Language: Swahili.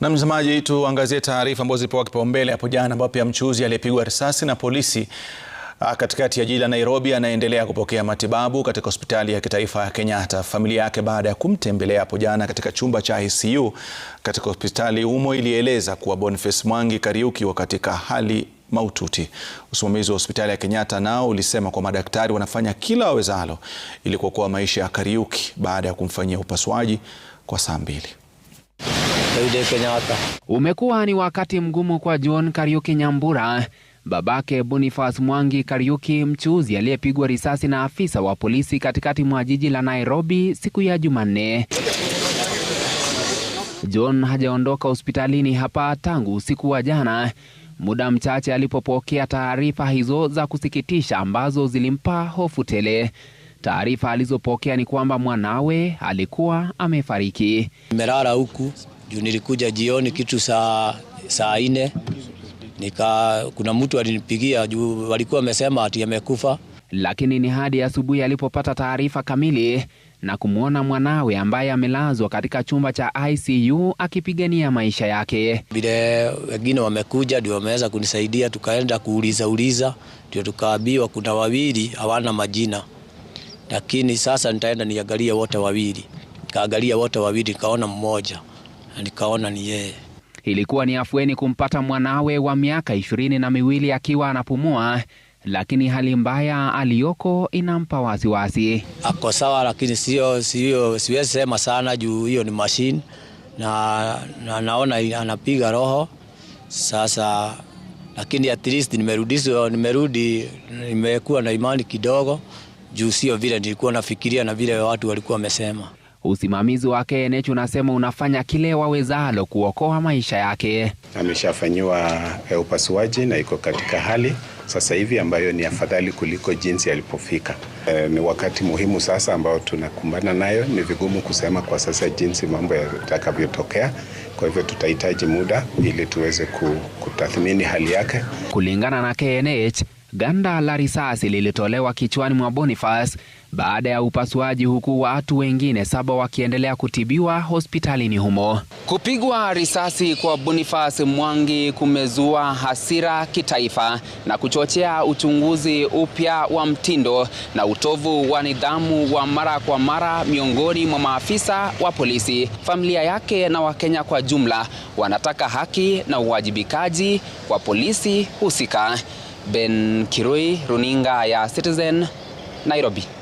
Na mtazamaji, tuangazie taarifa ambazo zilipewa kipaumbele hapo jana, ambapo pia mchuuzi aliyepigwa risasi na polisi ah, katikati ya jiji la Nairobi anaendelea kupokea matibabu katika hospitali ya kitaifa ya Kenyatta. Familia yake baada ya kumtembelea hapo jana katika chumba cha ICU katika hospitali humo ilieleza kuwa Boniface Mwangi Kariuki wa katika hali maututi. Usimamizi wa hospitali ya Kenyatta nao ulisema kwa madaktari wanafanya kila wawezalo ili kuokoa maisha ya Kariuki baada ya kumfanyia upasuaji kwa saa mbili. Daudi Kenyatta. Umekuwa ni wakati mgumu kwa John Kariuki Nyambura, babake Boniface Mwangi Kariuki, mchuuzi aliyepigwa risasi na afisa wa polisi katikati mwa jiji la Nairobi siku ya Jumanne. John hajaondoka hospitalini hapa tangu usiku wa jana, muda mchache alipopokea taarifa hizo za kusikitisha ambazo zilimpa hofu tele. Taarifa alizopokea ni kwamba mwanawe alikuwa amefariki. Nimelala huku juu nilikuja jioni kitu saa saa nne nika kuna mtu alinipigia juu walikuwa wamesema ati amekufa, lakini ni hadi asubuhi alipopata taarifa kamili na kumwona mwanawe ambaye amelazwa katika chumba cha ICU akipigania maisha yake. Vile wengine wamekuja ndio wameweza kunisaidia, tukaenda kuuliza uliza, ndio tukaambiwa kuna wawili hawana majina, lakini sasa nitaenda niangalie wote wawili. Kaangalia wote wawili, kaona mmoja nikaona ni yeye. Ilikuwa ni afueni kumpata mwanawe wa miaka ishirini na miwili akiwa anapumua, lakini hali mbaya aliyoko inampa wasiwasi. Ako sawa, lakini sio sio, siwezi sema sana juu hiyo ni mashine na, na naona anapiga roho sasa, lakini at least nimerudishwa, nimerudi, nimekuwa na imani kidogo juu sio vile nilikuwa nafikiria na vile watu walikuwa wamesema. Usimamizi wa KNH unasema unafanya kile wawezalo kuokoa maisha yake. Ameshafanyiwa eh, upasuaji na iko katika hali sasa hivi ambayo ni afadhali kuliko jinsi alipofika. E, ni wakati muhimu sasa ambao tunakumbana nayo. Ni vigumu kusema kwa sasa jinsi mambo yatakavyotokea, kwa hivyo tutahitaji muda ili tuweze kutathmini hali yake kulingana na KNH. Ganda la risasi lilitolewa kichwani mwa Boniface baada ya upasuaji, huku watu wengine saba wakiendelea kutibiwa hospitalini humo. Kupigwa risasi kwa Boniface Mwangi kumezua hasira kitaifa na kuchochea uchunguzi upya wa mtindo na utovu wa nidhamu wa mara kwa mara miongoni mwa maafisa wa polisi. Familia yake na Wakenya kwa jumla wanataka haki na uwajibikaji kwa polisi husika. Ben Kirui, runinga ya Citizen, Nairobi.